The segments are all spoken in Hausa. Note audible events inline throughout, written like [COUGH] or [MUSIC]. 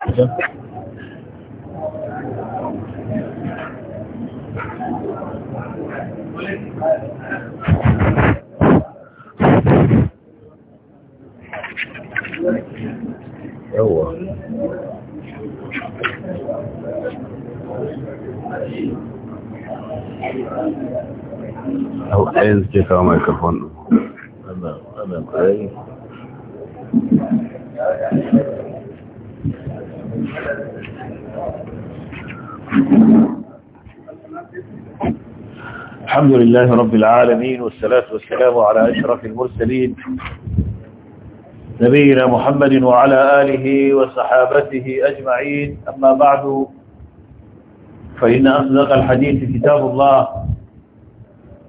yawa au ɗayan suke kawo microphone ɗin الحمد لله رب العالمين والصلاة والسلام على أشرف المرسلين نبينا محمد وعلى آله وصحابته أجمعين أما بعد فإن أصدق الحديث كتاب الله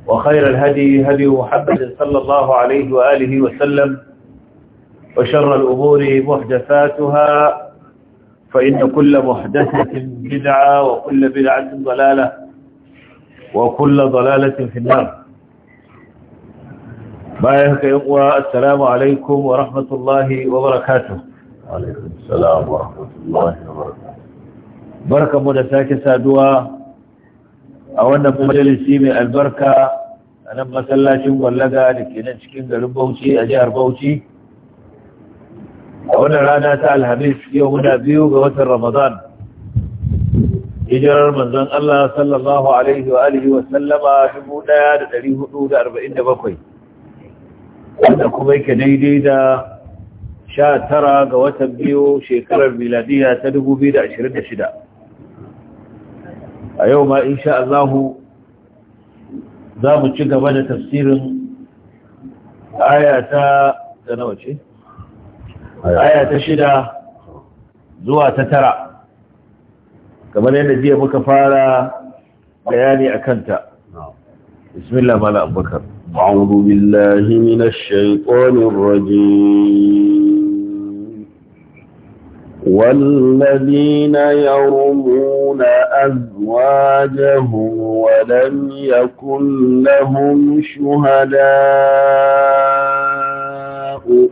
وخير الهدي هدي محمد صلى الله عليه وآله وسلم وشر الأمور محدثاتها فإن كل محدثة بدعة وكل بدعة ضلالة وكل ضلالة في النار بايك إقوى السلام عليكم ورحمة الله وبركاته عليكم السلام ورحمة الله وبركاته بركة مدساك سادوا أولا مجلسي من البركة أنا مسلاشي ولغا لكي نشكين قلب بوشي أجار بوشي a wannan rana ta alhamis yau muna biyu ga watan ramadan hijirar manzon Allah sallallahu alaihi wa alihi wa sallama 1447 wanda kuma yake daidai da 19 ga watan biyu shekarar miladiya ta 2026 a yau ma insha Allahu za mu ci gaba da tafsirin aya ta da nawa ce aya ta shida zuwa ta tara kamar yadda jiya muka fara bayani a kanta bismillah mala abubakar أعوذ بالله من الشيطان الرجيم والذين يرمون أزواجهم ولم يكن لهم shuhada.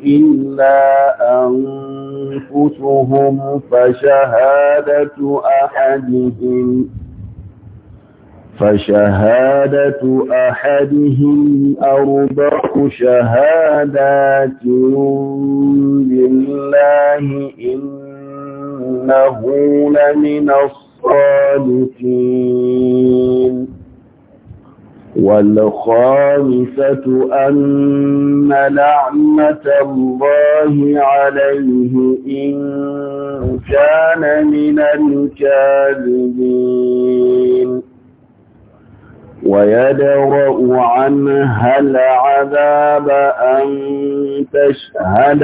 إلا أنفسهم فشهادة أحدهم فشهادة أحدهم أربع شهادات بالله إنه لمن الصادقين والخامسة أن لعنة الله عليه إن كان من الكاذبين ويدرأ عنها العذاب أن تشهد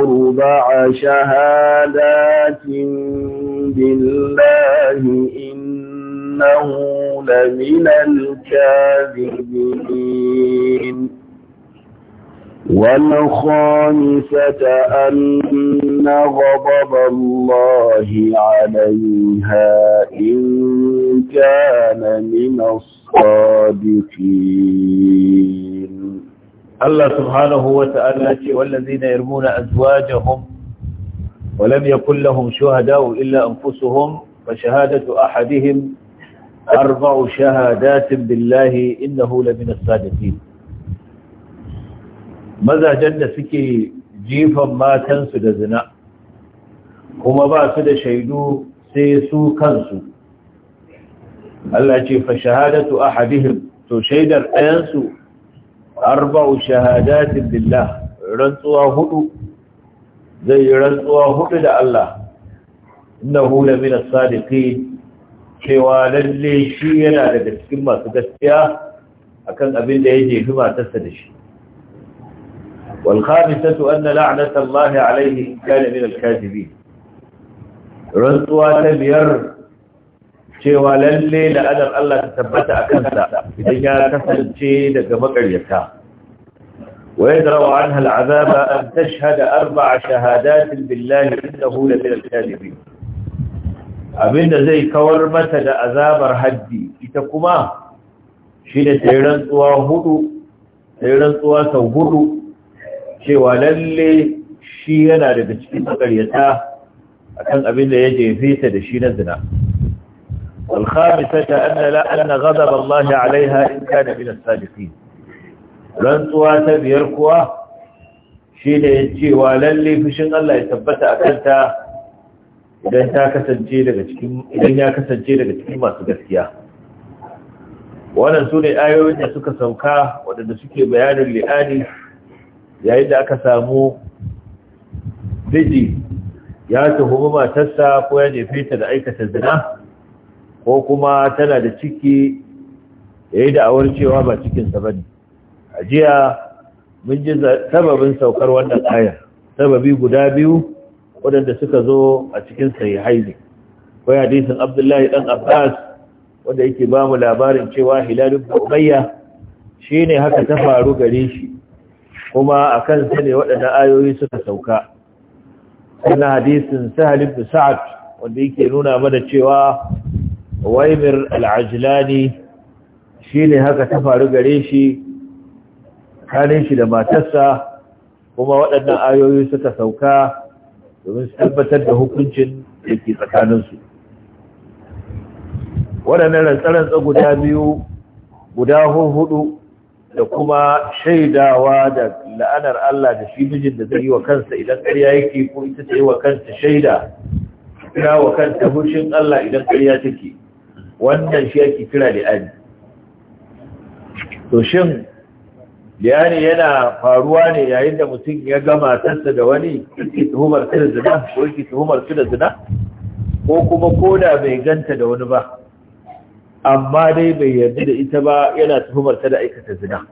أربع شهادات بالله إن إنه لمن الكاذبين والخامسة أن غضب الله عليها إن كان من الصادقين الله سبحانه وتعالى والذين يرمون أزواجهم ولم يكن لهم شهداء إلا أنفسهم فشهادة أحدهم أربع شهادات بالله إنه لمن الصادقين ماذا جنة سكي جيفا ما تنسو دزنا هما باسو دشيدو سيسو كنسو التي فشهادة أحدهم تشيدر أنسو أربع شهادات بالله رنسوا هدو زي رنسوا هدو لألّه إنه لمن الصادقين cewa lalle shi yana daga cikin masu gaskiya akan abin da ya jefi matarsa da shi والخامسة أن لعنة الله عليه إن كان من الكاذبين رنطوة بير cewa lalle la'adar Allah ta tabbata a kansa idan ya kasance daga makaryata wa yadrawu anha al'azaba an tashhada arba'a shahadatin billahi innahu la min al-kadhibin abinda zai kawar mata da azabar haddi ita kuma shi da tseren tsuwa hudu tseren tsuwa sau hudu cewa lalle shi yana daga cikin makaryata a kan abinda ya jefe ta da shi na zina الخامسة أن لا أن غضب الله عليها إن كان من الصادقين rantsuwa ta biyar kuwa shi ne ya ce wa lalle fushin Allah ya tabbata a kanta idan ya kasance daga cikin masu gaskiya wannan su ne ayoyin da suka sauka waɗanda suke bayanin li'ani yayin da aka samu miji ya tuhumi matarsa ko ya jefe ta da aikata zina ko kuma tana da ciki yayin da awar cewa ba cikinsa ba ne a jiya mun ji sababin saukar wannan ayar sababi guda biyu waɗanda suka zo a cikin sahihai haizi. akwai hadisin abdullahi dan abbas wanda yake ba mu labarin cewa hilal ibn ubayya shine haka ta faru gare shi kuma akan sa ne waɗannan ayoyi suka sauka sannan hadisin sahal ibn sa'ad wanda yake nuna mana cewa waimir al-ajlani shine haka ta faru gare shi kare shi da matarsa kuma waɗannan ayoyi suka sauka domin su tabbatar da hukuncin da ke tsakaninsu waɗannan rantsarantsa guda biyu guda hudu da kuma shaidawa da la'anar Allah da shi mijin da zai yi wa kansa idan ƙarya yake ko ita ta yi wa kanta shaida kira wa kanta hushin Allah idan ƙarya take wannan shi ake kira da ani to shin bayani yana faruwa ne yayin da mutum ya gama sassa da wani yake tuhumar su da zina ko yake tuhumar da zina ko kuma koda bai ganta da wani ba amma dai bai yarda da ita ba yana tuhumar ta da aikata zina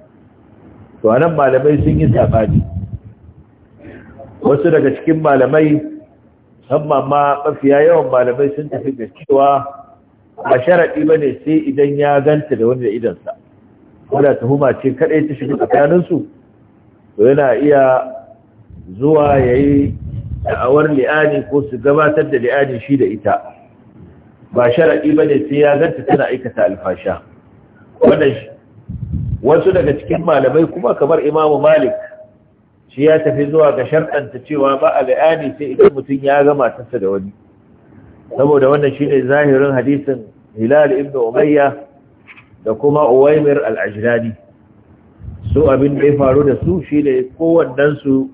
to anan malamai sun yi sabani wasu daga cikin malamai amma ma mafiya yawan malamai sun tafi da cewa ba sharaɗi ba ne sai idan ya ganta da wani da idansa wadda tuhuma ce kadai ta shiga tsakaninsu to yana iya zuwa ya yi da'awar li'ani ko su gabatar da li'ani shi da ita ba sharaɗi ba ne sai ya ganta tana aikata alfasha wasu daga cikin malamai kuma kamar imamu malik shi ya tafi zuwa ga sharɗanta cewa ba a li'ani sai idan mutum ya gama tasa da wani saboda wannan shine zahirin hadisin hilal ibn umayya da kuma uwaimir al su abin da ya faru da su shi ne su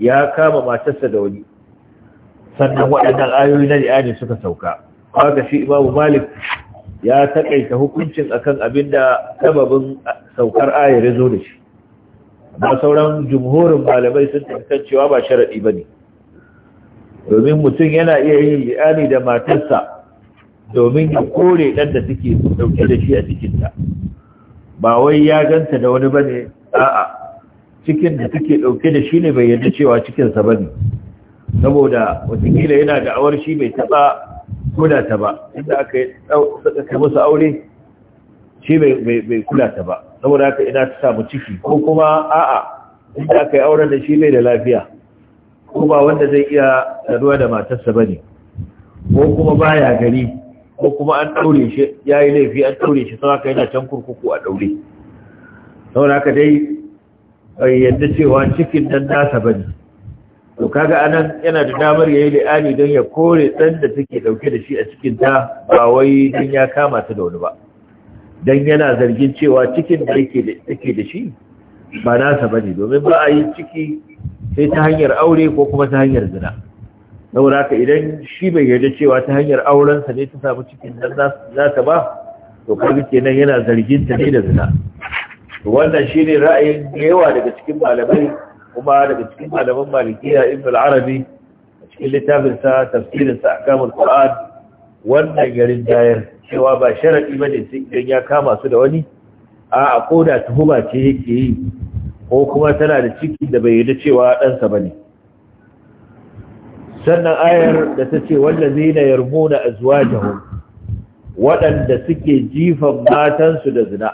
ya kama matarsa da wani sannan waɗannan ayoyi na li'ani suka sauka haka shi imamu malik ya taƙaita hukuncin akan abin da sababin saukar ayar ya zo da shi amma sauran jumhurin malamai sun tantan cewa ba sharaɗi ba ne domin mutum yana iya yin li'ani da matarsa domin ya kore ɗan da suke ɗauke da shi a cikinta ba wai ya ganta da wani bane a'a cikin da suke ɗauke da shi ne bai yadda cewa cikinsa ba ne saboda watakila yana da awar shi bai taɓa kula ta ba inda aka yi kai musu aure shi bai kula ta ba saboda aka ina ta samu ciki ko kuma a'a inda aka yi auren da shi bai da lafiya ko ba wanda zai iya saduwa da matarsa bane? ko kuma baya gari ko kuma an ɗaure shi ya yi laifi an ɗaure shi sau haka yana can kurkuku a ɗaure sau haka dai bai yadda cewa cikin nan nasa ba ne to kaga anan yana da damar ya yi la'ani don ya kore ɗan da take ɗauke da shi a cikin ta ba wai don ya kama ta da wani ba don yana zargin cewa cikin da yake da shi ba nasa ba ne domin ba a yi ciki sai ta hanyar aure ko kuma ta hanyar zina saboda haka idan shi bai yarda cewa ta hanyar aurensa ne ta samu cikin nan za ta ba to ke nan yana zargin ta ne da zina wannan shi ne ra'ayin yawa daga cikin malamai kuma daga cikin malaman malikiya ibn al-arabi a cikin littafin sa tafsirin sa al qur'an wannan garin jayar cewa ba sharadi bane sai idan ya kama su da wani a a koda tuhuma ce yake yi ko kuma tana da ciki da bai yarda cewa dan sa bane sannan ayar da ta ce wallazina yarmuna azwajahum waɗanda suke jifan matansu da zina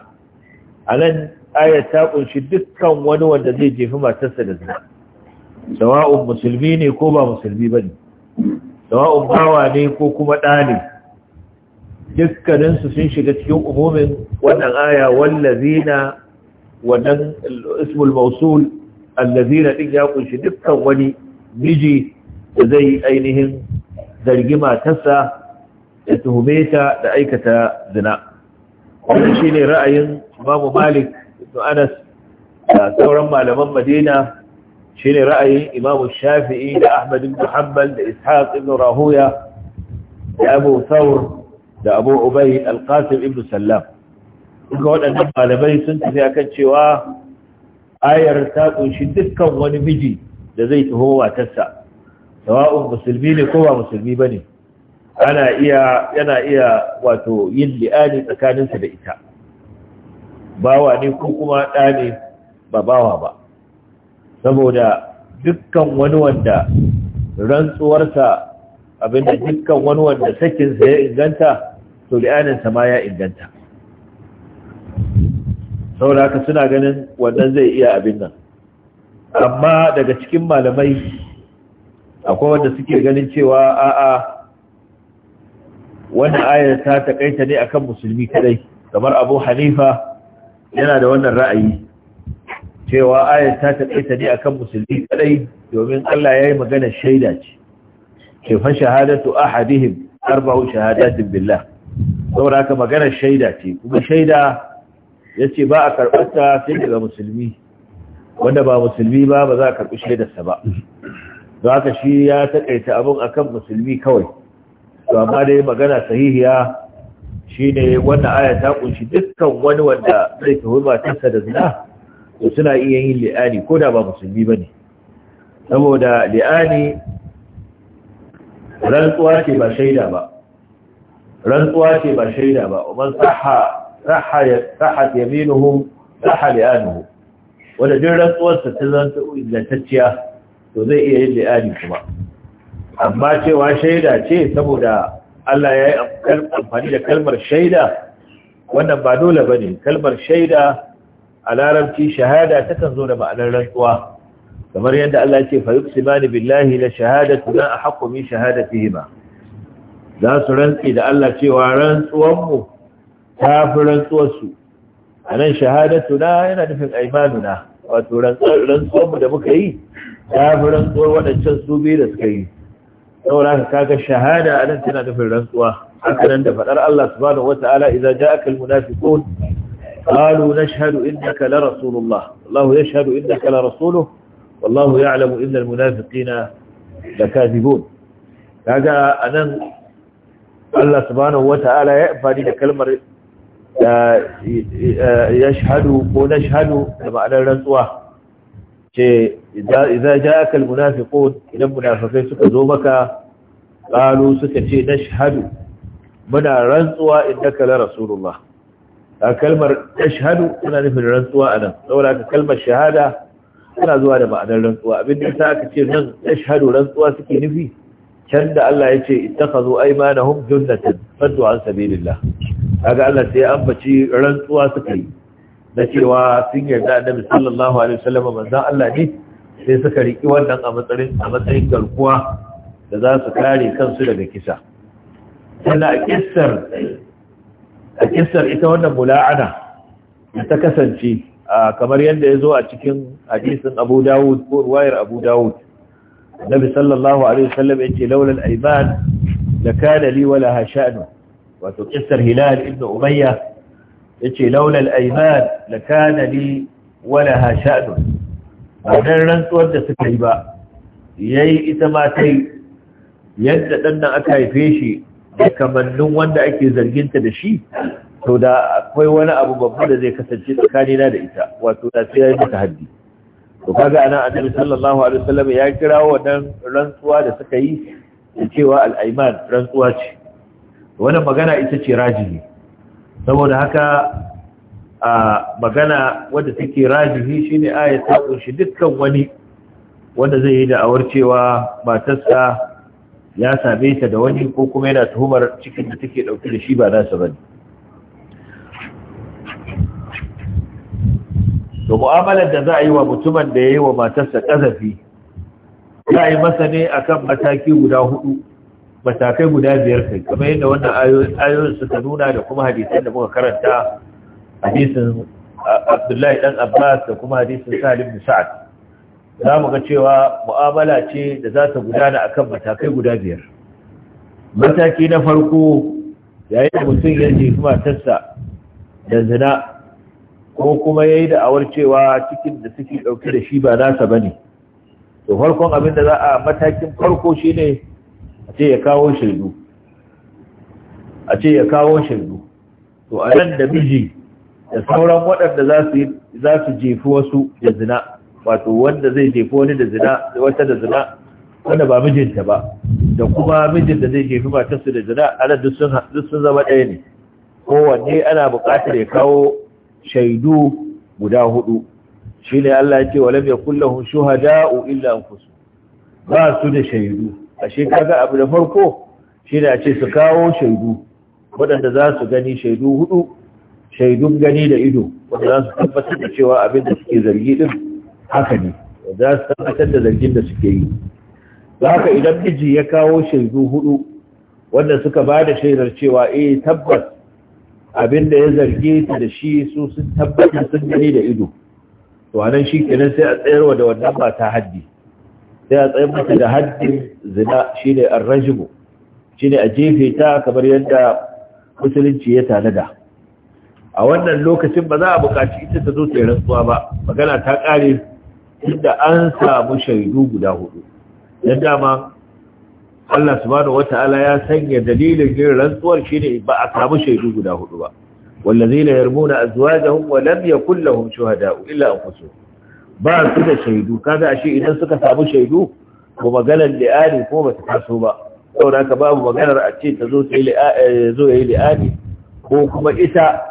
anan ayar ta ƙunshi dukkan wani wanda zai jefi matarsa da zina sawa'un musulmi ne ko ba musulmi ne? sawa'un bawa ne ko kuma ɗa ne dukkaninsu sun shiga cikin umumin wannan aya wallazina wannan ismul mausul allazina ɗin ya ƙunshi dukkan wani miji da zai ainihin zargi matarsa ya tuhume ta da aikata zina wannan shine ra'ayin Imam Malik ibn Anas da sauran malaman Madina shine ra'ayin Imam Shafi'i da Ahmad ibn Hanbal da Ishaq ibn Rahuya da Abu saur da Abu ubai al ibn Sallam duka waɗannan malamai sun tafi akan cewa ayar ta kunshi dukkan wani miji da zai tuho matarsa sawa'un musulmi ne ko ba musulmi bane ana iya yana iya wato yin li'ani tsakaninsa da ita bawa ne ko kuma ɗa ne ba bawa ba saboda dukkan wani wanda rantsuwarsa abinda dukkan wani wanda sakinsa ya inganta to li'aninsa ma ya inganta saboda haka suna ganin wannan zai iya abin nan amma daga cikin malamai akwai wanda suke ganin cewa a'a wannan ayar ta takaita ne akan musulmi kadai kamar abu hanifa yana da wannan ra'ayi cewa ayar ta takaita ne akan musulmi kadai domin allah ya yi magana shaida ce ke fa shahadatu ahadihim arba'u shahadatin billah saboda haka magana shaida ce kuma shaida yace ba a karɓarta sai daga musulmi wanda ba musulmi ba ba za a karɓi shaidarsa ba don haka shi ya taƙaita abin akan musulmi kawai to amma dai magana sahihiya shine wannan aya ta kunshi dukkan wani wanda zai tuhumi matarsa da zina to suna iya yin li'ani ko da ba musulmi ba ne. saboda li'ani rantsuwa ce ba shaida ba rantsuwa ce ba shaida ba man saha sahha sahha yaminuhu saha li'anuhu wanda duk rantsuwarsa ta zanto ingantacciya to zai iya yin li'ani kuma amma cewa shaida ce saboda Allah ya yi amfani da kalmar shaida wannan ba dole ba ne kalmar shaida a larabci shahada takan zo da ma'anar rantsuwa kamar yadda Allah ce fa yuqsimani billahi la shahadatu la ahqqu min shahadatihima za su rantsi da Allah cewa mu ta fi rantsuwarsu a nan shahadatu na yana nufin aimanuna wato mu da muka yi Ya fi rantsuwar waɗancan su biyu da suka yi saboda haka kaga shahada a nan tana nufin rantsuwa haka nan da faɗar Allah subhanahu wata'ala idza ja'aka almunafiqun qalu nashhadu innaka la rasulullah wallahu yashhadu innaka la rasuluhu wallahu ya'lamu inna almunafiqina lakazibun kaga anan Allah subhanahu ta'ala ya amfani da kalmar shahadu ko shahadu da ma'anar rantsuwa ce idan ja'aka almunafiqun idan munafikai suka zo maka qalu suka ce shahadu muna rantsuwa innaka la rasulullah a kalmar shahadu tana nufin rantsuwa anan saboda ka kalmar shahada tana zuwa da ma'anar rantsuwa abin da ta aka ce nan shahadu rantsuwa suke nufi can da Allah ya ce ittakhadhu aymanahum junnatan faddu an sabilillah kaga Allah sai an baci rantsuwa suka yi da cewa sun yarda annabi sallallahu alaihi wasallam manzon Allah ne sai suka riki wannan a matsayin a matsayin garkuwa da za su kare kansu daga kisa sannan a kissar a kissar ita wannan mula'ana da ta kasance kamar yadda ya zo a cikin hadisin Abu Dawud ko ruwayar Abu Dawud nabi sallallahu alaihi wasallam yace laula al-aiban da kana li wala hashanu wato qissar hilal ibn umayya yace laula al-aiban la kana li wala hashanu rantsuwar da suka yi ba yayi ita ma yadda ɗannan aka haife shi da kamannin wanda ake zarginta da shi to da akwai wani abu babba da zai kasance tsakanina da ita wato da sai ya yi mata haddi to kaga ana annabi sallallahu alaihi wasallam ya kira wannan rantsuwa da suka yi cewa al-aiman rantsuwa ce wannan magana ita ce rajihi saboda haka a magana wadda take rajihi shine ayatu kunshi dukkan wani wanda zai yi da'awar cewa matarsa ya same ta da wani ko kuma yana tuhumar cikin da take dauke da shi ba nasa bane to mu'amalar da za a yi wa mutumin da ya yi wa matarsa ƙazafi za a yi masa ne a kan mataki guda hudu matakai guda biyar kai kamar yadda wannan ayoyin suka nuna da kuma hadisan da muka karanta hadisin abdullahi dan abbas da kuma hadisin salim bin sa'ad za mu ga cewa mu'amala ce da za ta gudana a kan matakai guda biyar mataki na farko yayin da mutum ya jefi matarsa da zina ko kuma ya yi da'awar cewa cikin da suke ɗauke da shi ba nasa ba ne. to farkon abin da za a matakin farko ne a ce ya kawo shaidu a ce ya kawo shaidu to a nan da miji da sauran waɗanda za su jefi wasu da zina wato wanda zai jefi wani da zina da wata da zina wanda ba mijinta ba da kuma mijin da zai jefi matarsu da zina a nan duk sun zama ɗaya ne kowanne ana buƙatar ya kawo shaidu guda hudu shi ne Allah ya ce walam yakul lahum shuhada'u illa anfusuhum ba su da shaidu ashe kaga abu da farko shi ne a ce su kawo shaidu waɗanda za su gani shaidu hudu shaidun gani da ido wanda za su tabbatar da cewa abin da suke zargi din haka ne za su tabbatar da zargin da suke yi haka idan miji ya kawo shaidu hudu wanda suka ba da shaidar cewa eh tabbas Abin da ya zarge ta da shi su sun tabbatar sun gani da ido to anan shi kenan sai a tsayar wa da wannan ba ta haddi sai a tsayar mata da haddin zina shine arrajimu shine a jefe ta kamar yadda musulunci ya tanada a wannan lokacin ba za a buƙaci ita ta zo ta rantsuwa ba magana ta ƙare inda an samu shaidu guda hudu da dama Allah subhanahu wata'ala ya sanya dalilin yin rantsuwar shi shine ba a samu shaidu guda hudu ba wallazina yarmuna azwajahum wa lam yakul lahum shuhada'u illa anfusuhum ba su da shaidu a ashe idan suka samu shaidu ko maganar li'ani ko ba su taso ba saboda ka babu maganar a ce ta zo ta yi eh, li'ani ko kuma ita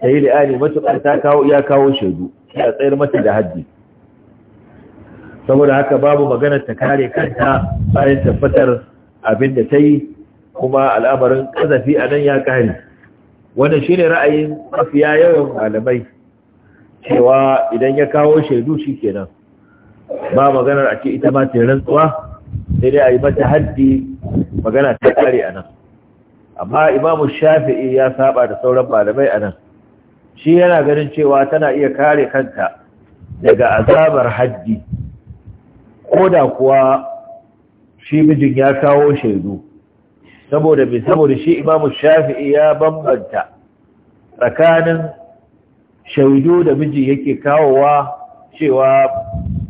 ta yi li'ani ta kawo ya kawo shaidu ya tsayar mata da haddi saboda haka babu maganar ta kare kanta bayan tabbatar abin da ta yi kuma al'amarin ƙazafi a nan ya kare wannan shi ne ra'ayin mafiya yawan malamai cewa idan ya kawo shaidu shi kenan ba maganar a ce ita ma ta rantsuwa sai dai a yi mata haddi magana ta kare a nan amma imamu shafi'i ya saba da sauran malamai a nan shi yana ganin cewa tana iya kare kanta daga azabar haddi ko da kuwa shi mijin ya kawo shaidu saboda mai saboda shi imamu shafi'i ya bambanta tsakanin shaidu da miji yake kawowa cewa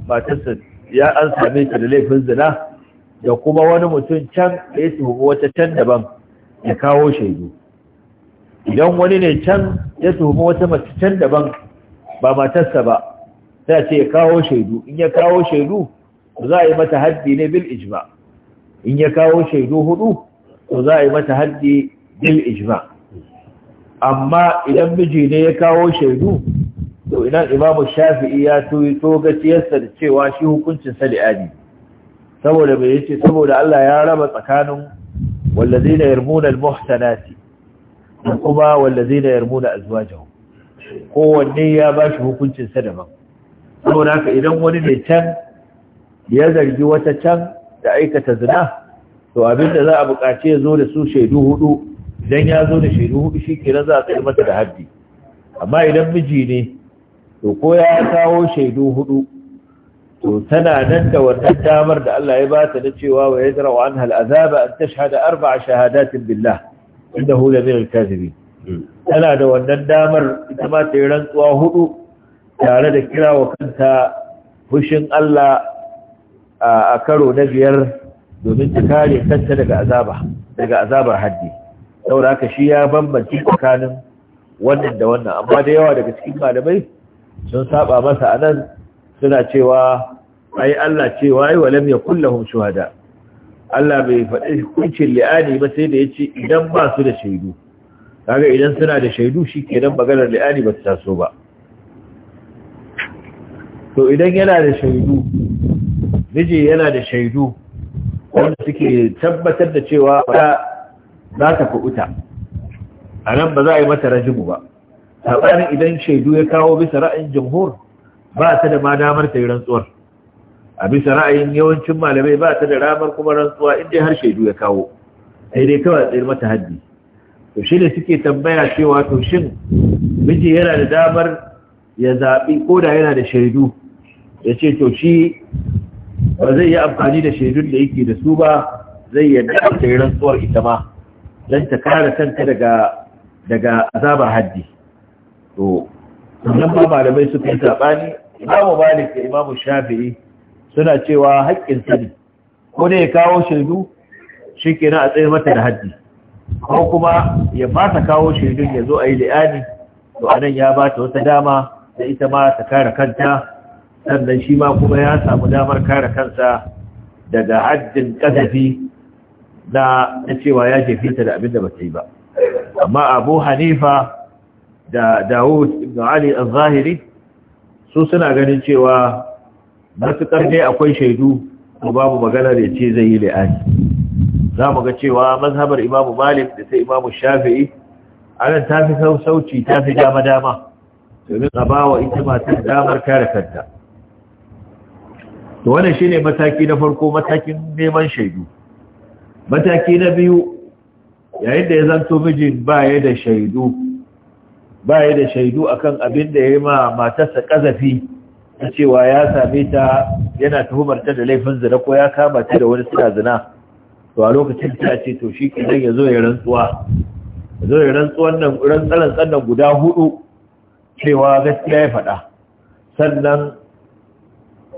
matarsa ya an same ta da laifin zina da kuma wani mutum can ya tuhumi wata can daban ya kawo shaidu idan wani ne can ya tuhumi wata mace can daban ba matarsa ba sai ce ya kawo shaidu in ya kawo shaidu za a yi mata haddi ne bil ijma in ya kawo shaidu hudu to za a yi mata haddi bil ijma amma idan miji ne ya kawo shaidu to idan Imam shafi'i ya tuyi togaciyarsa da cewa shi hukuncin sa li'ani saboda bai yace saboda Allah ya raba tsakanin wallazina yarmuna almuhsanati da kuma wallazina yarmuna azwajahum kowanne ya bashi hukuncin sa daban saboda haka idan wani ne can ya zargi wata can da aikata zina to abinda za a buƙaci ya zo da su shaidu hudu idan ya zo da shaidu hudu shi kenan za a tsaye mata da haddi amma idan miji ne to ko ya kawo shaidu hudu to tana nan da wannan damar da Allah ya bata na cewa wa yadra wa hal azaba an tashhada arba'a shahadatin billah inda la min al tana da wannan damar ita ma ta yi rantsuwa hudu tare da kira wa kanta fushin Allah a karo na biyar domin ta kare kanta daga azaba daga azabar haddi saboda haka shi ya bambanci tsakanin wannan da wannan amma da yawa daga cikin malamai sun saba masa anan suna cewa ai Allah ce wai walam yakul lahum shuhada Allah bai faɗi hukuncin li'ani ba sai da yace idan ba su da shaidu kaga idan suna da shaidu shi shikenan maganar li'ani ba ta taso ba to idan yana da shaidu miji yana da shaidu wanda suke tabbatar da cewa za ta kuɓuta a nan ba za a yi mata rajimu ba saɓanin idan shaidu ya kawo bisa ra'ayin jamhur ba ta da ma damar ta yi rantsuwar a bisa ra'ayin yawancin malamai ba ta da ramar kuma rantsuwa inda har shaidu ya kawo sai dai kawai tsayar mata haddi to shi ne suke tambaya cewa to shin miji yana da damar ya zaɓi ko da yana da shaidu ya ce to shi ba zai yi amfani da shaidun da yake da su ba zai yadda ta yi rantsuwar ita ma don ta kare kanta daga azabar haddi to nan ba malamai suka yi sabani imamu malik da imamu shafi'i suna cewa haƙƙin sani ko ne ya kawo shaidu shi na a tsaye mata da haddi ko kuma ya ba ta kawo shaidun ya zo a yi li'ani to anan ya ba ta wata dama da ita ma ta kare kanta sannan shi ma kuma ya samu damar kare kansa daga haddin kasafi na cewa ya fita da abinda da ba ta yi ba amma abu hanifa da dawud ibn ali al-zahiri su suna ganin cewa matuƙar ne akwai shaidu ko babu maganar ya ce zai yi la'ani za mu ga cewa mazhabar imamu malik da sai imamu shafi'i anan ta fi sauci ta fi dama-dama domin a ba wa ita matar damar kare kanta to wannan shine mataki na farko matakin neman shaidu mataki na biyu yayin da ya zanto mijin baya da shaidu baya da shaidu akan abin da ya yi ma matarsa kazafi ta cewa ya same ta yana tuhumar ta da laifin zina ko ya kama ta da wani suna zina to a lokacin ta ce to shi kenan ya zo ya rantsuwa ya zo ya rantsuwa nan rantsaran sannan guda hudu cewa gaskiya ya faɗa sannan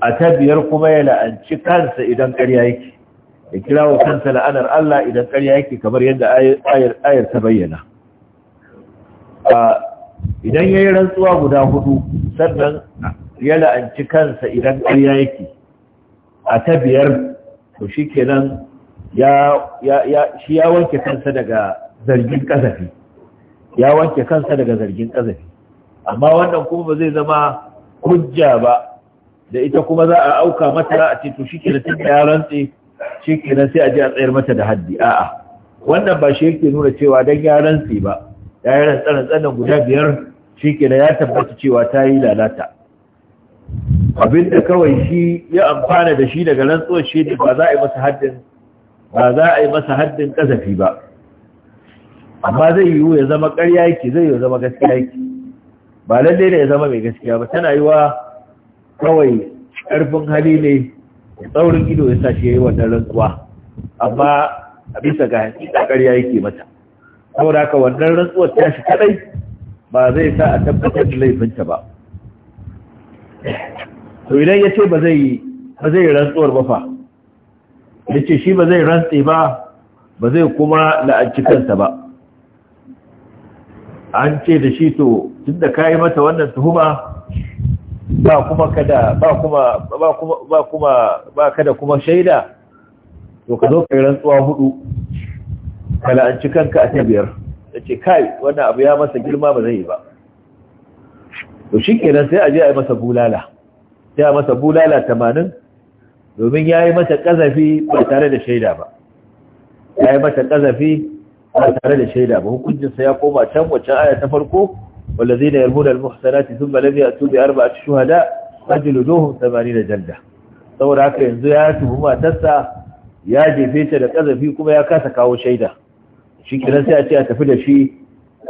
a ta kuma ya la'anci kansa idan ƙarya yake ya kira wa kansa la'anar Allah idan ƙarya yake kamar yadda ayar ta bayyana idan ya yi rantsuwa guda hudu sannan ya la'anci kansa idan ƙarya yake a ta to shi kenan shi ya wanke kansa daga zargin ƙazafi ya wanke kansa daga zargin ƙazafi amma wannan kuma ba zai zama hujja ba da ita kuma za a auka mata a ce to shi nasi da yaran tse shi ke sai a ji a tsayar mata da haddi a'a wannan ba shi yake nuna cewa dan yaran tse ba ya yi rantsaren guda biyar shi ke na ya tabbata cewa ta yi lalata Abin da kawai shi ya amfana da shi daga rantsuwar shi ne ba za a yi masa haddin ba za a yi masa haddin kasafi ba amma zai yiwu ya zama ƙarya yake zai yiwu zama gaskiya yake ba lallai da ya zama mai gaskiya ba tana yi wa kawai ƙarfin hali ne tsaurin ido ya sa shi ya yi wannan rantsuwa amma a bisa ga hakika ƙarya yake mata saboda aka wannan rantsuwar ta shi kadai ba zai sa a tabbatar da laifinta ba to idan ya ce ba zai ba rantsuwar ba fa ya ce shi ba zai rantse ba ba zai kuma la'anci kansa ba an ce da shi to tun da kayi mata wannan tuhuma ba kuma kada ba kuma ba kuma ba kuma ba kada kuma shaida to ka zo kai rantsuwa hudu kala an ci kanka a tabiyar yace kai wannan abu ya masa girma ba zai yi ba to shikenan sai a je a yi masa bulala sai a masa bulala tamanin, domin yayi masa kazafi ba tare da shaida ba yayi masa kazafi ba tare da shaida ba hukuncin sa ya koma can wacce aya ta farko na والذين يرمون المحسنات ثم لم يأتوا بأربعة شهداء فجلدوهم ثمانين جلدة saboda haka yanzu ya tuhu matarsa ya jefe ta da kazafi kuma ya kasa kawo shaida shi kiran sai a ce a tafi da shi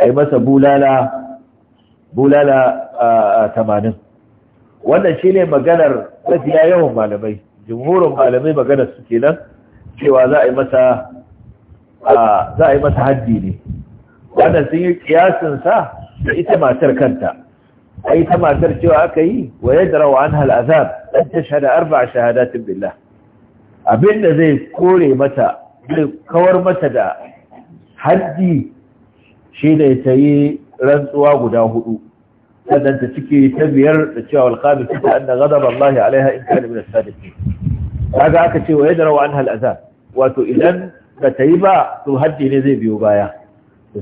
a yi masa bulala a tamanin wannan shi ne maganar mafiya yawan malamai jimhurin malamai maganar su kenan cewa za a yi masa za haddi ne wannan sun yi kiyasin sa da ita matar kanta ai ta matar cewa aka yi wa yadra'u anha al'azab an tashhada arba'a shahadatin billah abinda zai kore mata zai kawar mata da haddi shi ne ta yi rantsuwa guda hudu sannan ta ta biyar da cewa alqabi ta anna ghadab Allah alaiha in kana min as-sadiqin kaga aka ce wa yadra'u anha al'azab wato idan ba ta yi ba to haddi ne zai biyo baya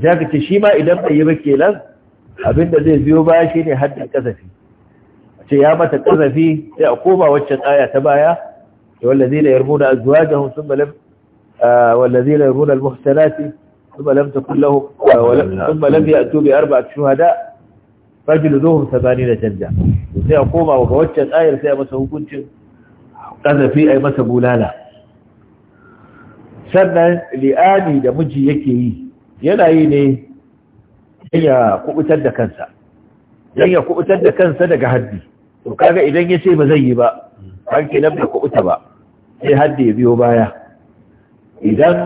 sai aka ce shi ma idan bai yi ba kenan abinda zai biyo baya ne haddin kazafi ce ya mata kazafi sai a koma waccan aya ta baya wallazina yarmuna azwajahum thumma lam wallazina yarmuna almuhsanati thumma lam takun lahum thumma lam ya'tu bi arba'ati shuhada fajluduhum 80 janja sai a koma ga waccan ayar sai a masa hukuncin kazafi ai masa bulala sannan li'ani da miji yake yi yana yi ne ya kubutar da kansa dan ya kubutar da kansa daga haddi to kaga idan ya ce ba zai yi ba har nan bai kubuta ba sai haddi ya biyo baya idan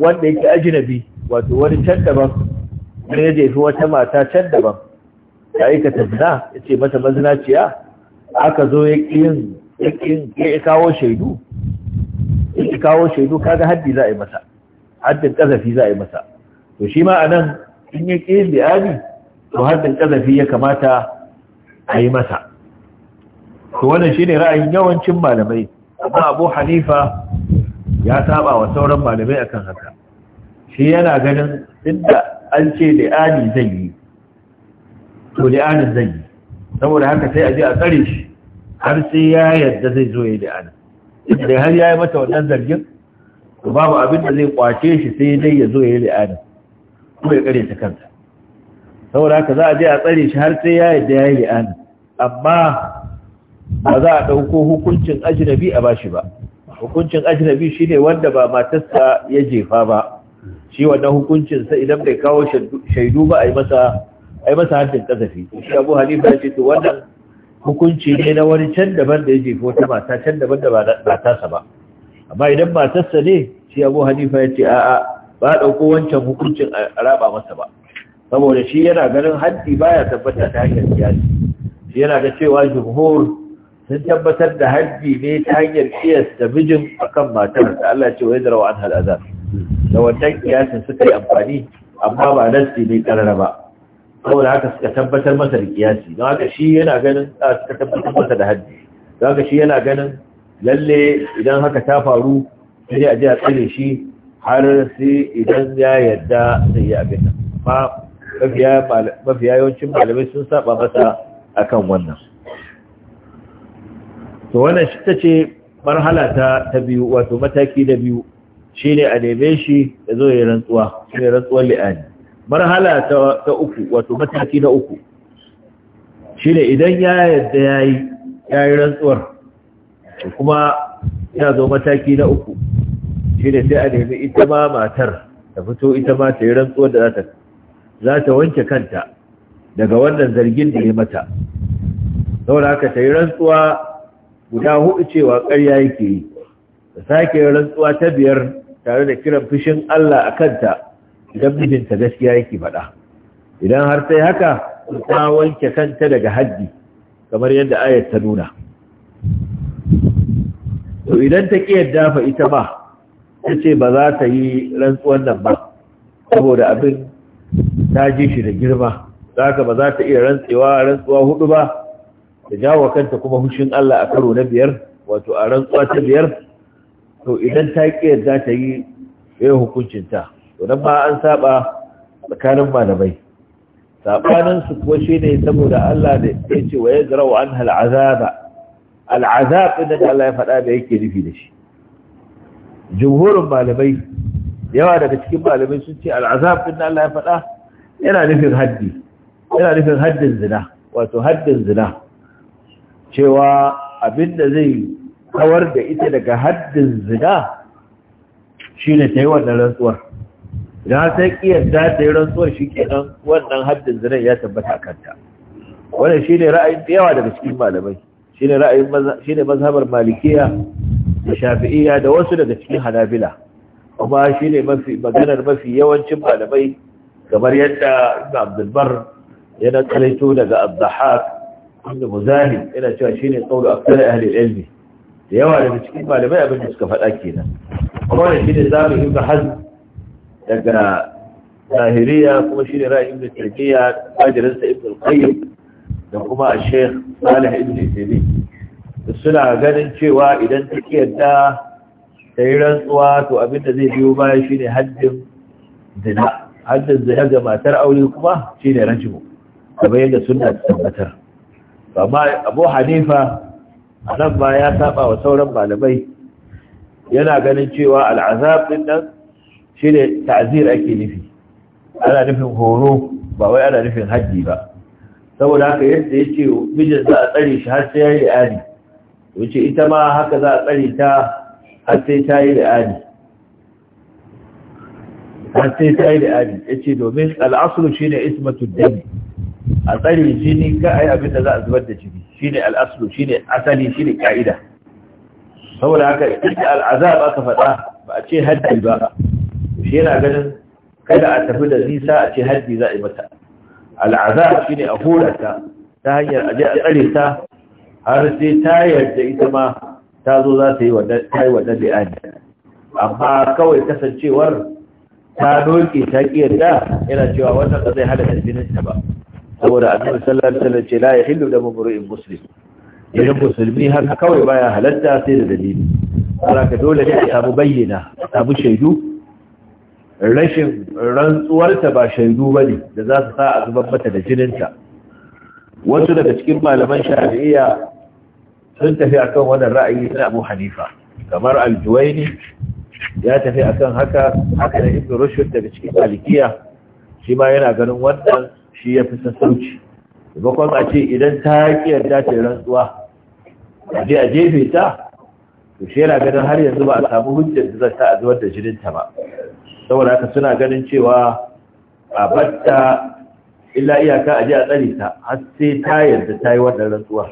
wanda yake ajnabi wato wani can daban ne ya jefi wata mata can daban ya aikata zina ya ce mata mazinaciya aka zo ya ƙin ya kawo shaidu ya kawo shaidu kaga haddi za a yi masa haddin ƙazafi za a yi masa to shi ma anan in yi ƙi bi'ani to haddin ƙazafi ya kamata a yi masa to wannan shine ra'ayin yawancin malamai amma abu hanifa ya saba wa sauran malamai akan haka shi yana ganin inda an ce li'ani zai yi to li'anin zai yi saboda haka sai a je a tsare shi har sai ya yarda zai zo ya yi li'anin inda har ya yi mata wannan zargin babu abin da zai kwace shi sai dai ya zo ya yi li'anin ko ya kare ta kanta saboda haka za a je a tsare shi har sai ya yadda ya yi an amma ba za a ɗauko hukuncin ajinabi a ba shi ba hukuncin ajinabi shi ne wanda ba matarsa ya jefa ba shi wannan sai idan bai kawo shaidu ba a yi masa hancin kasafi shi abu halifa ya ce to wannan hukunci ne na wani can daban da ya jefa wata mata can daban da ba tasa ba amma idan matarsa ne shi abu halifa ya ce a'a ba ɗauko wancan hukuncin a raba masa ba saboda shi yana ganin haddi baya tabbata ta hanyar kiyasi shi yana da cewa jumhur sun tabbatar da haddi ne ta hanyar bijin mijin kan matar da Allah ce wai zarawa an halazar da wannan kiyasin suka yi amfani amma ba nasti ne karara ba saboda haka suka tabbatar masa da kiyasi don haka shi yana ganin suka tabbatar masa da haddi don haka shi yana ganin lalle idan haka ta faru sai a je a tsare shi har sai idan ya yadda zai yi abin nan amma mafiya yawancin malamai sun saba masa akan wannan to wannan shi ta ce marhala ta ta biyu wato mataki da biyu shine a neme shi ya zo ya rantsuwa shi ne rantsuwar li'ani marhala ta uku wato mataki na uku shine idan ya yadda ya yi rantsuwar kuma ya zo mataki na uku shi ne sai a nemi ita ma matar ta fito ita ma ta yi rantsuwar da za ta wanke kanta daga wannan zargin da ya mata saboda haka ta yi rantsuwa guda hudu cewa karya yake yi ta sake yi rantsuwa ta biyar tare da kiran fushin Allah a kanta idan mijinta gaskiya yake faɗa idan har sai haka ta wanke kanta daga haddi kamar yadda ayat ta nuna to idan ta ƙi yadda fa ita ba ta ce ba za ta yi rantsuwan nan ba saboda abin ta ji shi da girma za ka ba za ta iya rantsewa rantsuwa hudu ba da jawo kanta kuma hushin Allah a karo na biyar wato a rantsuwa ta biyar to idan ta ƙi yadda ta yi yi hukuncinta to nan ma an saba tsakanin malamai sabanin su kuwa shi ne saboda Allah da ya ce wa ya zarawa an hal'azaba al'azab ɗin da Allah ya faɗa da yake nufi da shi jumhurin malamai yawa daga cikin malamai sun ce al'azab din Allah ya faɗa yana nufin haddi yana nufin haddin zina wato haddin zina cewa abinda zai kawar da ita daga haddin zina shine ta yi wannan rantsuwar idan sai da ta yi rantsuwar shi kenan wannan haddin zinan ya tabbata kanta wannan shine ra'ayin yawa daga cikin malamai shine ra'ayin shine mazhabar malikiya da shafi'iyya da wasu daga cikin hanabila kuma shi ne maganar mafi yawancin malamai kamar yadda ibn abdulbar yana kalaito daga abdahak inda muzahid yana cewa shi ne tsawo akwai ahalin ilmi da yawa daga cikin malamai abin da suka faɗa kenan kuma da shi ne zamu ibn hazm daga zahiriya kuma shi ne ra'ayin ibn tarbiya ajirinsa ibn al-qayyim da kuma a sheikh salih ibn isabi suna ganin cewa idan take yadda ta yi rantsuwa to abinda zai biyo bayan shi ne haddin zina haddin zina ga matar aure kuma shi ne rajimu kamar yadda suna ta tabbatar amma abu hanifa a nan ba ya saba wa sauran malamai yana ganin cewa al'azab din nan ne ta'azir ake nufi ana nufin horo ba wai ana nufin haddi ba saboda haka yadda ya ce mijin za a tsare shi har sai ya yi wuce ita ma haka za a tsare ta har sai ta yi li'ani har ta yi li'ani ya ce domin al'asulu shi ne ismatun dami a tsari shi ne ka a yi abin da za a zubar da jini shi ne al'asulu shi ne asali shi ne ka'ida saboda haka ita al'azab aka faɗa ba a ce haddi ba shi yana ganin kada a tafi da nisa a ce haddi za a yi mata al'azab shi ne a horata ta hanyar aje a tsare ta har sai ta yarda ita ma ta zo za ta yi wa ɗan amma kawai kasancewar ta doke ta yarda yana cewa wannan ba zai hada ɗanjininta ba saboda annabi sallallahu alaihi wasallam ce la da mumru'in muslim idan musulmi haka kawai baya halatta sai da dalili ka dole ne a samu bayyana a samu shaidu rashin rantsuwarta ba shaidu ba ne da za su sa a zubar mata da jininta wasu daga cikin malaman shafi'iyya sun tafi akan wannan ra'ayi na Abu Hanifa kamar al ya tafi akan haka haka da Ibn daga cikin Malikiya shi ma yana ganin wannan shi ya yafi sassauci bakon a ce idan ta ki yarda ta rantsuwa a je a jefe ta to shi yana ganin har yanzu ba a samu hujjar da za ta azuwar da jinin ta ba saboda haka suna ganin cewa a batta illa iyaka a je a tsare ta har sai ta yarda ta yi wannan rantsuwa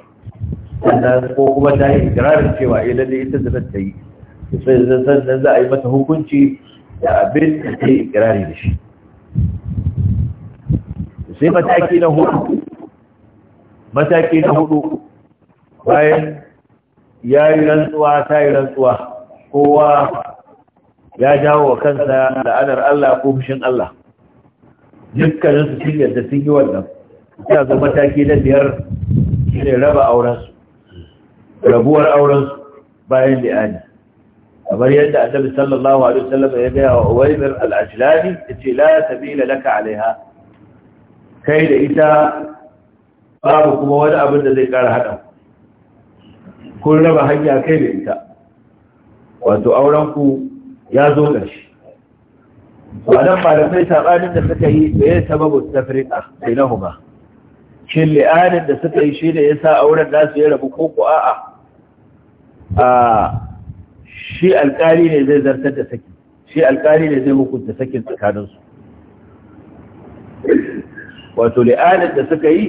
ko kuma ta yi ikirarin cewa ya eh, lalle ita da ta yi sai sannan za a yi mata hukunci da abin da ta yi ikirari da shi sai mataki na hudu mataki na hudu bayan ya yi rantsuwa ta yi rantsuwa kowa ya jawo wa kansa la'anar Allah ko fushin Allah su sun yadda sun yi wannan ya zo mataki na biyar shi ne raba aurensu rabuwar auren bayan li'ani kamar yadda annabi sallallahu alaihi wasallam ya ga wa Uwaymir al-Ajlani yace la sabila laka alaiha kai da ita babu kuma wani abin da zai kara hada kun raba hanya kai da ita wato auren ku ya zo gashi. wannan malamai sabanin da suka yi bai sababu tafrika bainahuma shin li'anin da suka yi shi ne ya sa auren nasu ya rabu ko ku a'a shi alkali ne zai zartar da saki shi alkali ne zai hukunta sakin tsakaninsu wato li'anin da suka yi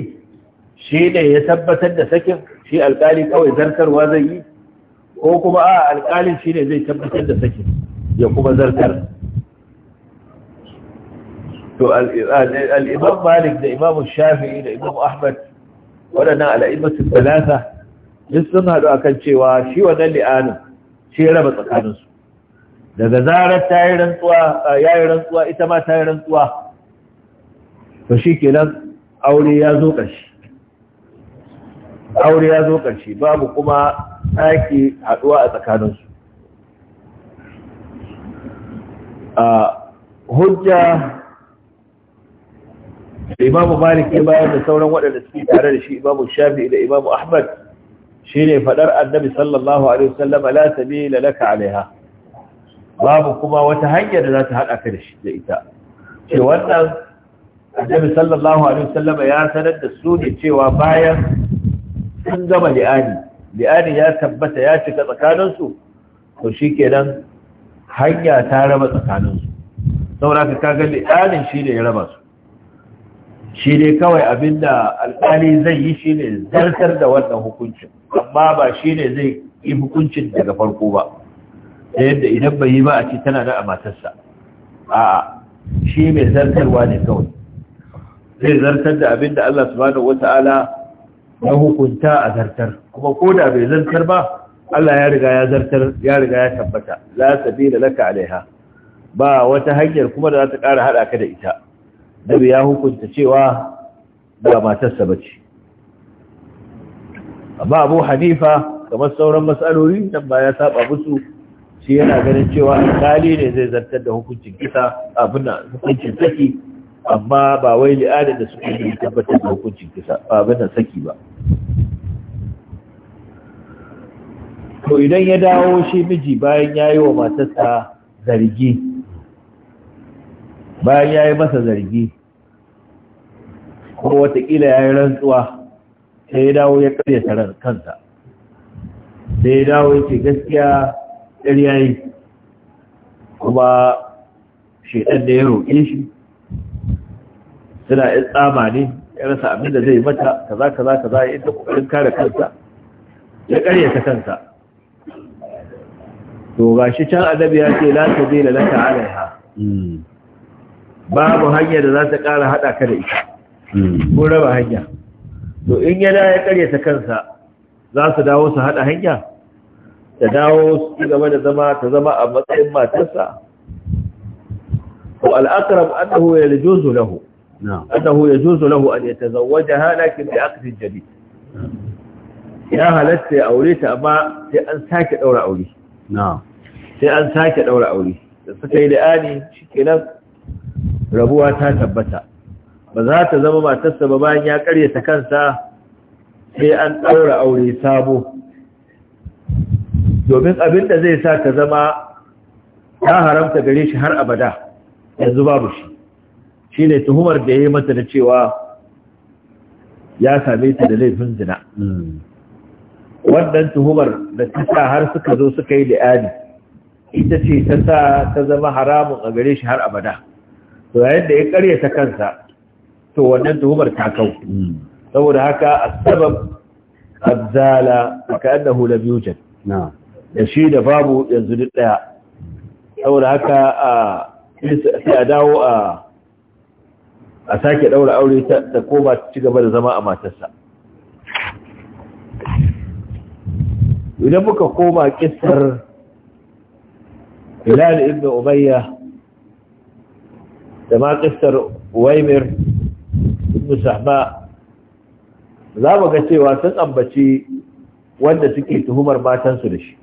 shi ne ya tabbatar da sakin shi alkali kawai zartarwa zai yi ko kuma a alkalin shi ne zai tabbatar da sakin ya kuma zartar to al'imam malik da imam shafi'i da imam ahmad waɗannan al'imatu balasa, duk sun haɗu akan cewa shi wannan li'anin shi ya raba tsakaninsu daga zarar ta yi rantsuwa ita ma ta yi rantsuwa to shi kenan aure ya zo ƙarshe aure ya zo ƙarshe babu kuma sake haɗuwa a tsakaninsu hujja da imamu malik ya bayar da sauran waɗanda suke tare da shi imamu Shafi, da imamu ahmad ne faɗar annabi sallallahu alaihi wasallam la sabila laka alaiha babu kuma wata hanyar da za ta haɗa ka da shi da ita ce wannan annabi sallallahu alaihi wasallam ya sanar da su ne cewa bayan sun gama li'ani li'ani ya tabbata ya cika tsakanin su to shikenan hanya ta raba tsakanin su saboda ka kaga li'anin shine ya raba su shi ne kawai abinda alƙali zai yi shi ne zartar da wannan hukuncin amma ba shi ne zai yi hukuncin daga farko ba ta yadda idan bai yi ba a ci tana da a matarsa a'a shi mai zartarwa ne kawai zai zartar da abinda Allah subhanahu wata'ala ya hukunta a zartar kuma ko da bai zartar ba Allah ya riga ya zartar ya riga ya tabbata la sabila laka alaiha ba wata hanyar kuma da za ta ƙara haɗa ka da ita nabi ya hukunta cewa ba matarsa ba ce amma abu hanifa kamar sauran matsaloli nan ba ya saba musu shi yana ganin cewa kali ne zai zartar da hukuncin kisa abin da hukuncin saki amma ba wai li'adar da suke yi tabbatar da hukuncin kisa abin da saki ba to idan ya dawo shi miji bayan ya yi wa matarsa zargi bayan ya yi masa zargi ko watakila ya yi rantsuwa sai ya dawo ya karya tarar kansa sai ya dawo ya ce gaskiya ƙarya yi kuma shaidan da ya roƙe shi suna yin tsama ne ya rasa abin da zai mata kaza kaza kaza ya yi kare kansa ya karya ta kansa to shi can adabi ya ce la tabila laka alaiha hmm. babu hanyar da za ta kara hada ka da ita ko raba hanya to in yana ya karyata kansa za su dawo su haɗa hanya ta dawo su gaba da zama ta zama a matsayin matarsa ko al'akaram annahu ya juzu lahu annahu ya juzu lahu an yatazawwajaha lakin bi aqdin jadid ya halatta ya aure ta amma sai an sake daura aure sai an sake daura aure da suka yi da ani shikenan rabuwa ta tabbata ba za ta zama matarsa ba bayan ya karyata kansa sai an ɗaura aure sabo domin abin da zai sa ta zama ta haramta gare shi har abada yanzu babu shi shi ne tuhumar da ya yi mata da cewa ya same ta da laifin zina wannan tuhumar da ta sa har suka zo suka yi li'ani ita ce ta sa ta zama haramun a gare shi har abada to yayin da ya karyata kansa to wannan tuhumar ta kau saboda haka asbab abzala ka annahu lam yujad na'am da shi da babu yanzu duk daya saboda haka sai a dawo a a sake daura aure ta koma ci gaba da zama a matarsa idan muka koma kissar Hilal ibn Umayya da ma kissar Uwaimir ibn sahba za mu ga cewa sun ambaci wanda suke tuhumar matansu da shi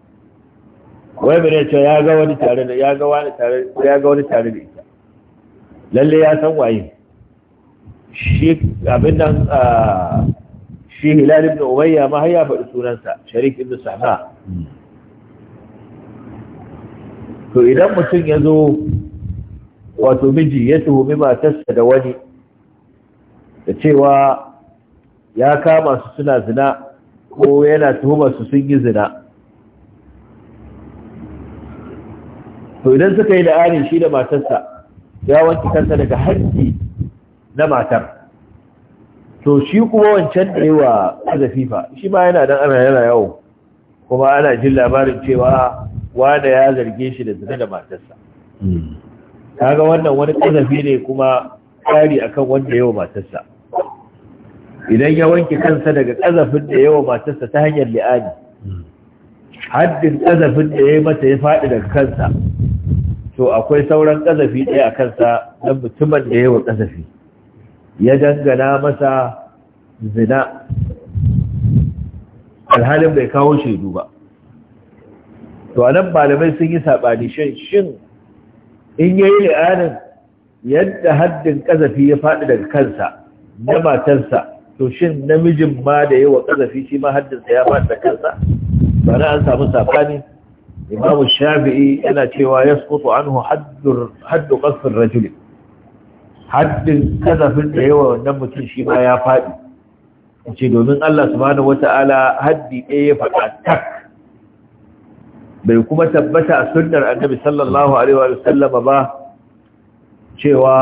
wai bane cewa ya ga wani tare da ya ga wani tare ya ga wani tare da ita lalle ya san waye shi abin nan shi hilal ibn umayya ma har ya faɗi sunansa sharik ibn sahba to idan mutum ya zo wato miji ya tuhumi matarsa da wani da cewa ya kama su suna zina ko yana tuhumar su sun yi zina to idan suka yi la'arin shi da matarsa ya wanke kansa daga hanki na matar to shi kuma wancan da yawa azafifa shi ma yana dan ana yana yawo kuma ana jin labarin cewa wanda ya zarge shi da zina da matarsa hmm. kaga wannan wani kazafi ne kuma ƙari akan wanda yawa matarsa idan ya wanke kansa daga ƙazafin da yawa matarsa ta hanyar li'ani haddin ƙazafin da ya yi mata ya faɗi daga kansa to akwai sauran ƙazafi ɗaya a kansa na mutumin da yawa ƙazafi ya dangana masa zina alhalin bai kawo shaidu ba to a nan malamai sun yi saɓani shin in ya yi li'anin yadda haddin ƙazafi ya faɗi daga kansa na matarsa to shin namijin ma da yawa kazafi shi ma haddinsa ya faɗi da kansa ba na an samu safani Imamu shafi'i yana cewa ya sukutu anhu haddu qasfin rajuli haddin ƙazafin da yawa wannan mutum shi ma ya faɗi ce domin Allah subhanahu ta'ala haddi ɗaya ya faɗa tak bai kuma tabbata a sunnar annabi sallallahu alaihi wa sallama ba cewa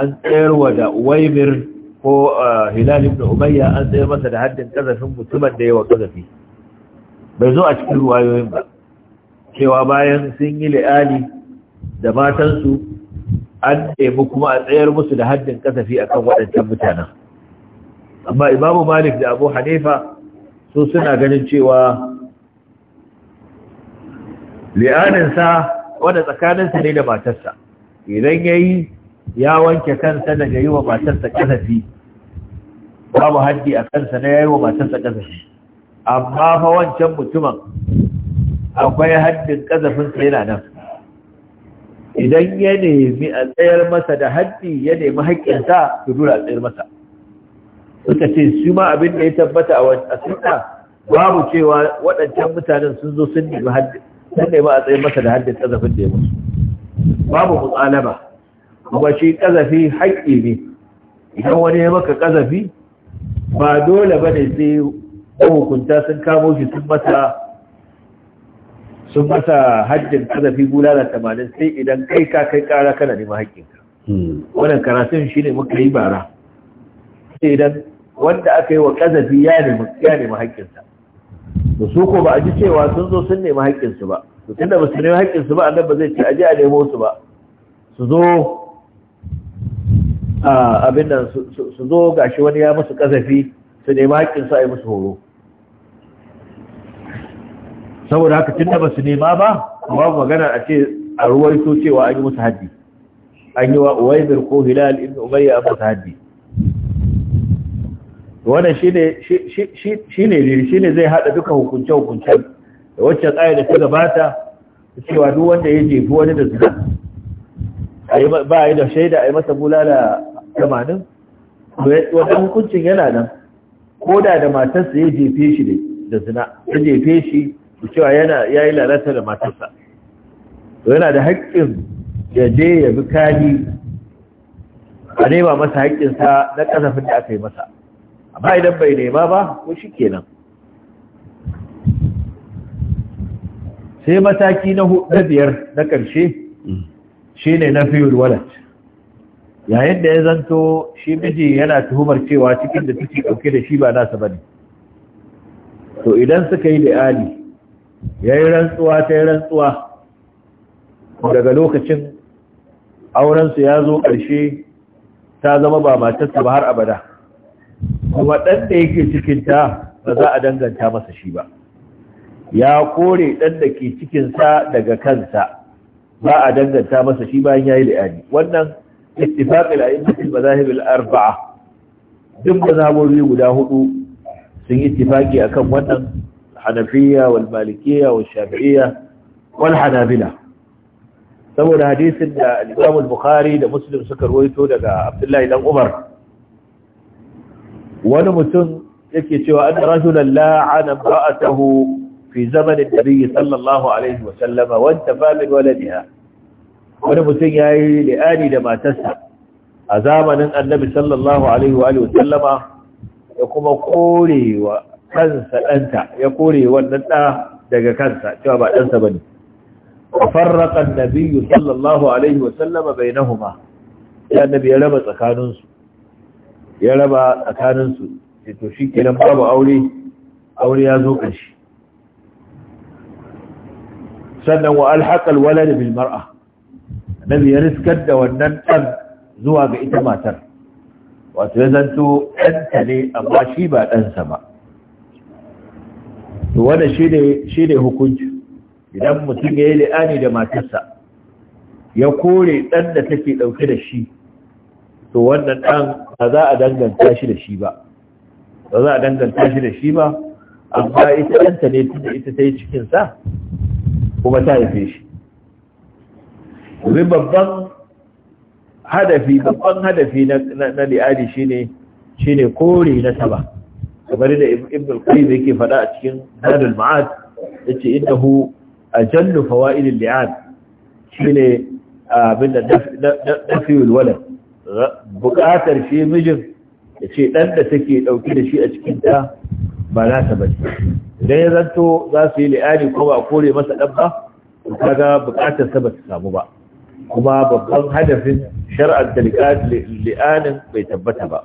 an tsayarwa da waimir ko uh, hilal ibn umayya an tsaye masa da haddin kazafin mutumin da yawa kazafi bai zo a cikin ruwayoyin ba cewa bayan sun yi li'ali da matansu an nemi kuma a tsayar musu da haddin kasafi akan waɗancan mutanen amma imamu malik da abu hanifa su suna ganin cewa li'aninsa wanda tsakaninsa ne da matarsa idan ya yi ya wanke kansa daga yi wa matarsa kasafi babu haddi a kansa na yayi wa matarsa kazafi amma fa wancan mutumin akwai haddin kazafin sa yana nan idan ya nemi a tsayar masa da haddi ya nemi haƙƙin sa su dura a tsayar masa suka ce su ma abin da ya tabbata a suna babu cewa waɗancan mutanen sun zo sun nemi haddi sun nemi a tsayar masa da haddin kazafin da ya musu babu mutsalaba kuma shi kazafi haƙƙi ne idan wani ya maka kazafi ba dole ba ne sai mahukunta sun kamo shi sun masa sun masa hajjin kazafi bulala tamanin sai idan kai ka kai kara kana neman haƙƙinka hmm. wannan karatun shi ne muka yi bara sai idan wanda aka yi wa kazafi ya nemi haƙƙinsa da su ko ba a ji cewa sun zo sun nemi haƙƙinsu ba tun da ba su nemi haƙƙinsu ba nan ba zai ce a ji a nemo su ba su zo abin nan su zo gashi wani ya musu kazafi su nema haƙƙin sa yi musu horo saboda haka tun da ba su nema ba ba magana a ce a so cewa an yi musu haddi an yi wa uwaibir ko hilal Umar ya an musu haddi wannan shine shi ne zai haɗa duka hukunce hukunce da wacce tsaye da ta gabata cewa duk wanda ya jefi wani da zina ba a yi da shaida a yi masa bulala 80 wajen hukuncin yana nan ko da da matarsa ya jefe shi da zina ya jefe shi da cewa ya yi lalata da matarsa yana da haƙƙin ya je ya bi kani a nema masa haƙƙinsa na ƙasafin da aka yi masa amma idan bai nema ba ko shi kenan sai mataki na biyar na ƙarshe mm. shi ne na fiye wallet yayin da ya zanto shi miji yana tuhumar cewa cikin da take dauke da shi ba nasa bane to idan suka yi li'ali ya yi rantsuwa ta rantsuwa daga lokacin aurensu ya zo ƙarshe ta zama ba matarsa ba har abada kuma ɗanda da yake cikinta ba za a danganta masa shi ba ya kore ɗan da ke sa daga kansa ba a danganta masa shi bayan ya yi li'ali wannan ittifaqil a'immatul madahib al-arba'a duk mazhabobi guda hudu sun yi ittifaqi akan wannan Hanafiya wal Malikiyya wal Shafi'iyya wal Hanabila saboda hadisin da Imam al-Bukhari da Muslim suka ruwaito daga Abdullahi dan Umar wani mutum yake cewa an rajulan la'ana ra'atahu fi zamanin Nabi sallallahu alaihi wa sallama wa tafamin waladiha wani mutum ya yi li'ani da matarsa a zamanin annabi sallallahu alaihi wa sallama ya kuma korewa kansa ɗanta ya kore wannan ɗa daga kansa cewa ba ɗansa ba ne farraƙa nabiyu sallallahu alaihi wa sallama bainahuma ya annabi ya raba tsakaninsu ya raba tsakaninsu to shi kenan babu aure aure ya zo ƙarshe sannan wa alhaƙal walad bil mar'a annabi ya riskar da wannan ɗan zuwa ga ita matar wato ya zanto ɗanta ne amma shi ba ɗansa ba to wanda shi ne hukunci idan mutum ya yi li'ani da matarsa ya kore ɗan da take ɗauke da shi to wannan ɗan ba za a danganta shi da shi ba ba za a danganta shi da shi ba amma ita ɗanta ne tunda ita ta yi cikinsa kuma ta haife shi domin babban hadafi babban hadafi na li'adi shine shine kore na saba kamar da ibn al-qayyim yake faɗa a cikin zadul ma'ad yace innahu ajallu fawaid al-li'ad shine abin da fi walad buƙatar shi mijin yace ɗan da take ɗauki da shi a cikin ta ba na ta bace idan ya zanto za su yi li'adi ko ba kore masa ɗan ba kaga buƙatar sa ba samu ba kuma babban hadafin shar'ar da li'anin bai tabbata ba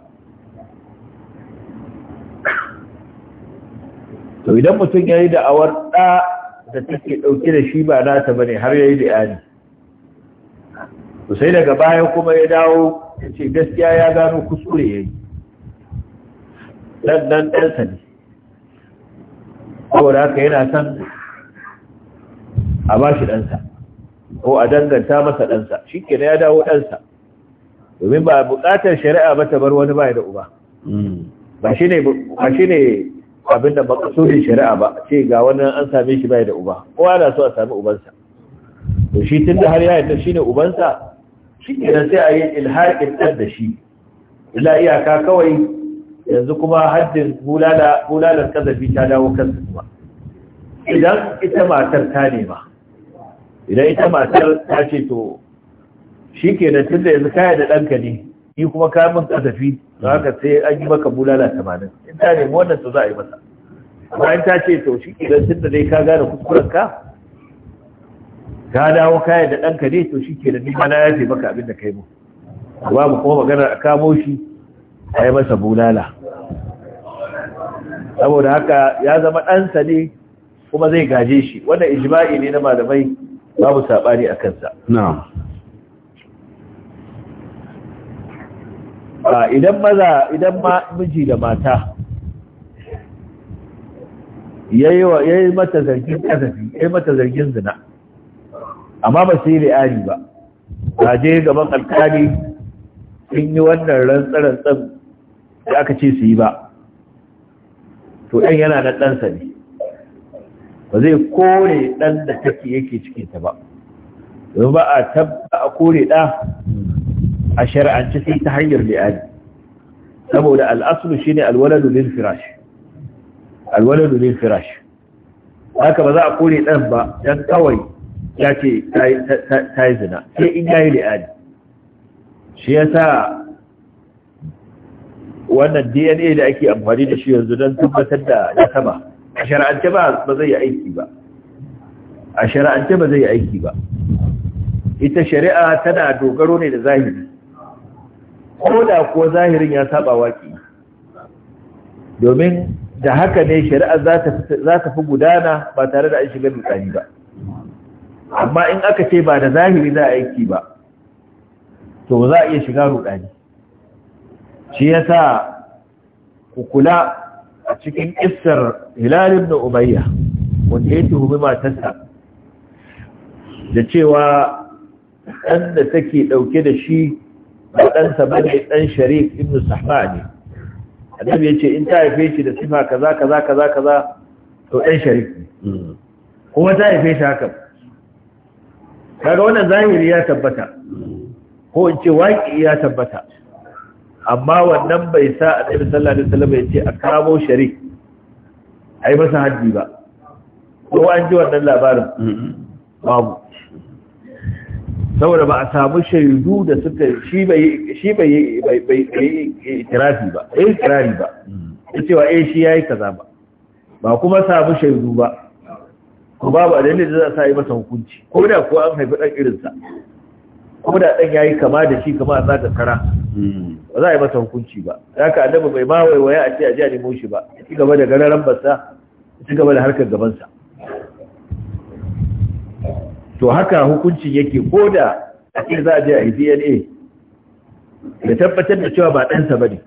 to idan mutum ya yi awar ɗa da take ɗauke da shi ba nata ba ne har ya yi li'ani to sai daga baya kuma ya dawo ya ce gaskiya ya gano kuskure ya yi ɗan ɗan ɗansa ne saboda haka yana son a ba shi ɗansa ko a danganta masa ɗansa shi ke ya dawo ɗansa domin ba buƙatar shari'a ba ta bar wani baya da uba ba shi ne abin da makasurin shari'a ba ce ga wani an same shi baya da uba kowa na so a sami ubansa to shi tun da har ya yadda shi ne ubansa shi ke sai a yi ilhaƙin ɗan da shi ila iyaka kawai yanzu kuma haddin bulalar kazafi ta dawo kansa kuma idan ita matar ta nema idan ita matar ta ce to shi ke da tun da yanzu kaya da ɗanka ne yi kuma kamun kasafi don haka sai an yi maka bulala tamanin in ta nemi wannan to za a yi masa bayan ta ce to shi ke da tun da dai ka gane kuskuren ka ka dawo kaya da ɗanka ne to shi ke da nima na yafe maka abin da kai mu babu kuma magana a kamo shi a yi masa bulala saboda haka ya zama ɗansa ne kuma zai gaje shi wannan ijma'i ne na malamai babu saɓani a kansa idan maza idan ma miji da mata ya yi mata zargin kasafi ya yi mata zargin zina amma ba su yi li'ari ba a je gaban alkali sun yi wannan rantsarantsan da aka ce su yi ba to ɗan yana na ɗansa ne ba zai kore ɗan da take yake cikinta ba don ba a tabba a kore ɗa a shari'ance sai ta hanyar li'ani saboda al'asulu shi ne alwaladu firash alwaladu firash haka ba za a kore ɗan ba don kawai ya ce ta yi zina sai in yayi li'ani shi ya sa wannan dna da ake amfani da shi yanzu don tabbatar da nasaba a shara'ance ba zai yi aiki ba a shara'ance ba zai yi aiki ba ita shari'a tana dogaro ne da zahiri ko da kuwa zahirin ya saba waki domin da haka ne shari'a za ta fi gudana ba tare da an shiga dukani ba amma in aka ce ba da zahiri za a aiki ba to za a iya shiga rudani shi yasa ku kula a cikin isar hilalin da ubayya wanda ya tuhumi matarsa da cewa ɗan da take ɗauke da shi ba ɗansa ba ne ɗan sharif ibn sahba ne annabi ya ce in ta haife shi da sifa kaza kaza kaza kaza to ɗan sharif ne hmm. kuma ta haife shi haka kaga wannan zahiri ya tabbata ko in ce waƙi ya tabbata amma wannan bai sa ɗaya sallallahu da sallah ya ce a kamo A yi masa hajji ba ko an ji wannan labarin babu saboda ba a samu shaidu da suka shi bai yi ikirari ba. Ya yi itirari ba ya cewa eh shi yi kaza ba ba kuma samu shaidu ba ko babu dalilin da za a sa yi masa hukunci ko da ko an haifi dan irinsa ko da ɗan ya yi kama da shi kama a tsaga kara ba za a yi masa hukunci ba za ka annabi bai ma waiwaya a ce a ji a nemo shi ba ya ci gaba da gararan basa ya ci gaba da harkar gabansa to haka hukuncin yake ko da a ce za a je a yi dna ya tabbatar da cewa ba ɗansa ba ne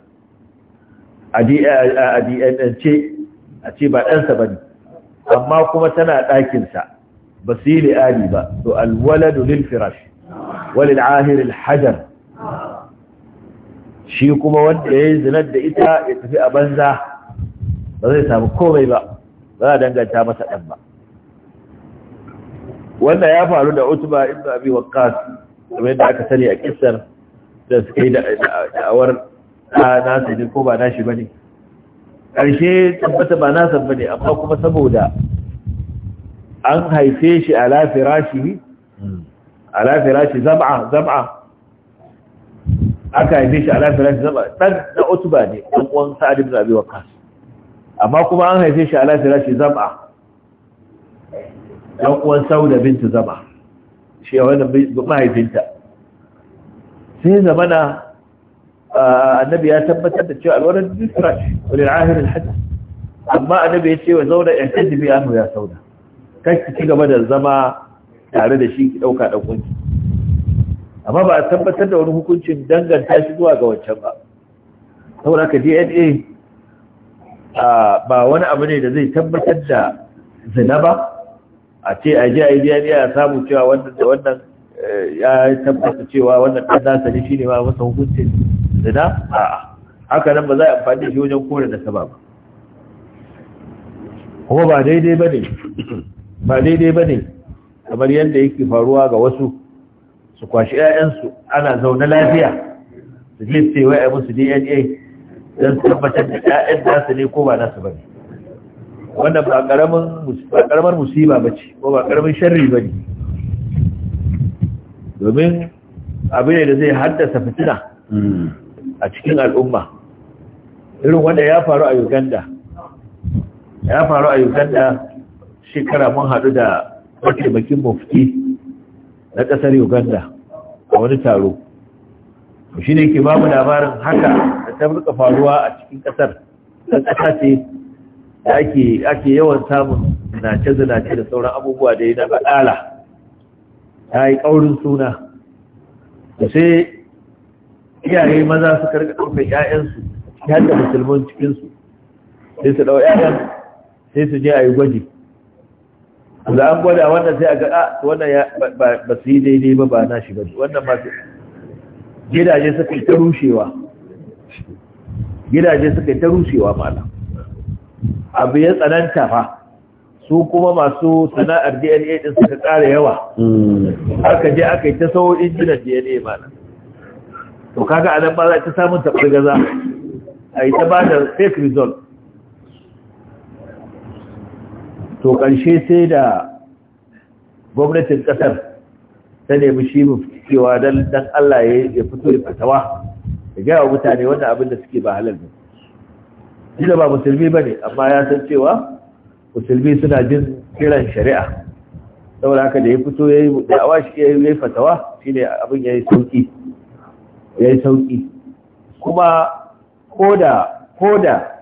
a dna ce a ce ba ɗansa ba ne amma kuma tana ɗakinsa ba su yi li'ani ba to alwala lil firash walil ahiril hajar shi kuma wanda ya yi zinar da ita ya tafi a banza ba zai samu komai ba ba za a danganta masa ɗan ba wannan ya faru da utuba ibn abi waqqas kamar yadda aka sani a ƙisar da suke yi da da'awar nasa sai ko ba nashi ba ne. karshe tabbata ba nasa ne amma kuma saboda an haife shi ala rashi. ala firashi zab'a zab'a aka yi shi ala firashi zab'a dan da utba ne dan uwan sa'ad ibn abi waqas amma kuma an haife shi ala firashi zab'a dan uwan sauda bint zab'a shi wannan mahaifinta sai zamana annabi ya tabbatar da cewa alwarin disra ce wani rahirin hajji amma annabi ya ce wa zauna ya kaji ya sauda kai ki ci gaba da zama tare da shi ki ɗauka da kunki amma ba a tabbatar da wani hukuncin danganta shi zuwa ga wancan ba saboda ka dna ba wani abu ne da zai tabbatar da zina ba a ce a ji a yi dna a samu cewa wannan da wannan eh, ya tabbata cewa wannan ɗan nasa ne shi ne ma masa hukuncin zina a haka nan ba za a amfani shi wajen kore da saba ba kuma ba daidai ba ne ba daidai ba ne kamar yadda yake faruwa ga wasu su kwashi 'ya'yansu ana zaune lafiya su lifte wa ya musu dna don su tabbatar da 'ya'yan nasu ne ko ba nasu ba ne Wanda ba karamar musiba ba ce ko ba karamin sharri ba ne domin abin da zai haddasa fitina a cikin al'umma irin wanda ya faru a uganda ya faru a uganda shekara mun haɗu da mataimakin mufti na ƙasar uganda a wani taro shi ne ke babu labarin haka da ta rika faruwa a cikin ƙasar ta ƙasa ce da ake yawan samun zinace-zinace da sauran abubuwa da yi na baɗala ta yi ƙaurin suna da sai iyaye maza su rika ƙarfe ‘ya'yansu cikin musulman cikinsu sai su ɗau ‘ya'yan sai su je a yi gwaji da an gwada wannan sai a ga a ah, wannan ba su yi daidai ba ba na shi ba wannan ba gidaje suka ta rushewa gidaje suka ta rushewa malam abu ya tsananta fa su kuma masu sana'ar dna din suka ƙara yawa hmm. aka je aka yi ta sau injinan dna na? to kaga nan ba za ta samun gaza a yi ta ba da fake result to ƙarshe sai da gwamnatin ƙasar ta nemi shi cewa don Allah ya fito ya fatawa da gaya mutane wannan abin da suke ba halar ne shi da ba musulmi ba ne amma ya san cewa musulmi suna jin kiran shari'a saboda haka da ya fito ya yi da'awa shi ya yi fatawa shi ne abin ya yi sauƙi ya yi sauƙi kuma koda koda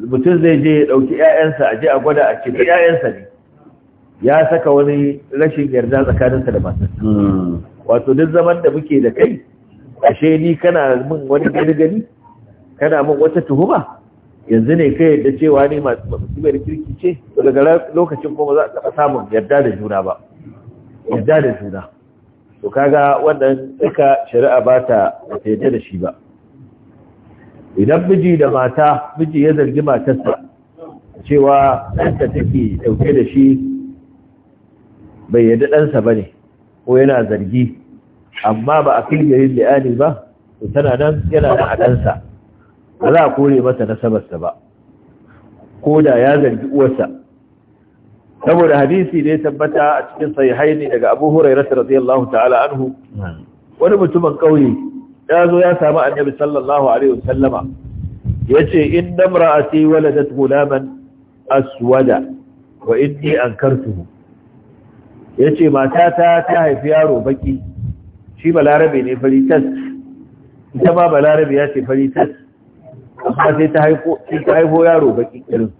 mutum zai je ya ɗauki 'ya'yansa a je a gwada a cikin 'ya'yansa ne ya saka wani rashin yarda tsakaninsa da matarsa wato duk zaman da muke da kai ashe ni kana min wani gani gani kana min wata tuhuma yanzu ne kai yadda cewa ne masu mai kirki ce daga lokacin kuma za a taɓa samun yarda da juna ba yarda da juna to kaga wannan duka shari'a ba ta yarda da shi ba idan miji da mata miji ya zargi matarsa cewa ɗanta take ɗauke da shi bai yadda ɗansa ba ne ko yana zargi amma ba a filgarin li'ani ba to tana nan yana da a ɗansa ba za a kore masa nasabarsa ba ko da ya zargi uwarsa saboda hadisi ne ya tabbata a cikin sahihaini daga abu hurairah radiyallahu ta'ala anhu wani mutumin ƙauye ya zo ya samu annabi sallallahu alaihi wasallama yace inna imra'ati waladat gulaman aswada wa inni ankartuhu yace matata ta haifi yaro baki shi balarabe ne fari tas ita ma balarabe ya ce fari tas amma sai ta haifo ta haifo yaro baki irin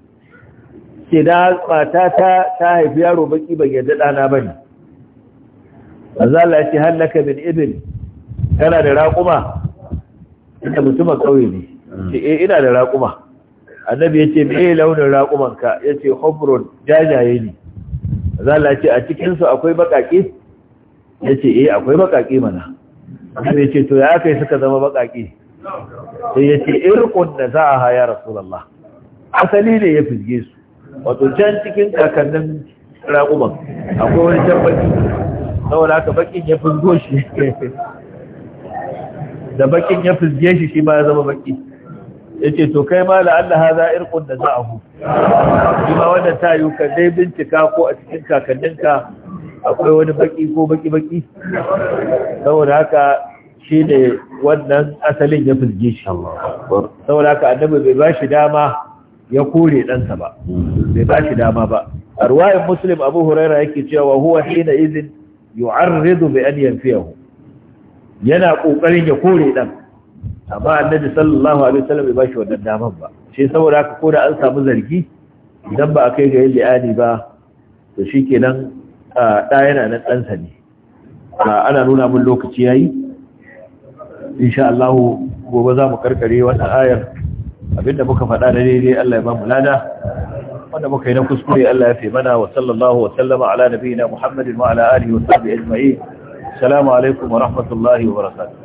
ce da matata ta haifi yaro baki ban yadda dana bane azalla ya ce hallaka min ibn tana da raƙuma Ina mutumin ƙauye ne ce mm. e eh, ina da raƙuma annabi ya ce me launin raƙumanka ya ce hobron jajaye ne zala ce a cikinsu akwai baƙaƙe ya ce e akwai baƙaƙe mana annabi ya ce to ya aka yi suka zama baƙaƙe sai ya ce irkun da za a haya rasulallah asali ne ya fizge su wato can cikin kakannin raƙuman akwai wani can baƙi saboda haka baƙin ya fizgo shi [LAUGHS] da bakin ya fizge shi shi ma ya zama baki ce to kai ma la Allah za irqun da za'ahu kuma wanda ta yi ka dai bincika ko a cikin kakanninka akwai wani baki ko baki baki saboda haka shi ne wannan asalin ya fizge shi saboda haka annabi bai ba shi dama ya kore ɗansa ba bai ba shi dama ba a ruwayin muslim abu huraira yake cewa huwa hina izin yu'arridu bi an yanfiyahu yana ƙoƙarin ya kore dan amma annabi sallallahu alaihi wasallam bai bashi wannan daman ba shi saboda haka ko da an samu zargi idan ba a kai ga yin li'ani ba to shikenan ɗa yana nan ɗansa ne ana nuna mun lokaci yayi insha Allah gobe za mu karkare wannan ayar abinda muka faɗa da daidai Allah ya ba mu lada wanda muka yi na kuskure Allah ya fi mana wa sallallahu wa sallama ala nabiyina Muhammadin wa ala alihi wa sahbihi ajma'in salamu alaikum wa rahmatullahi wa barakatuh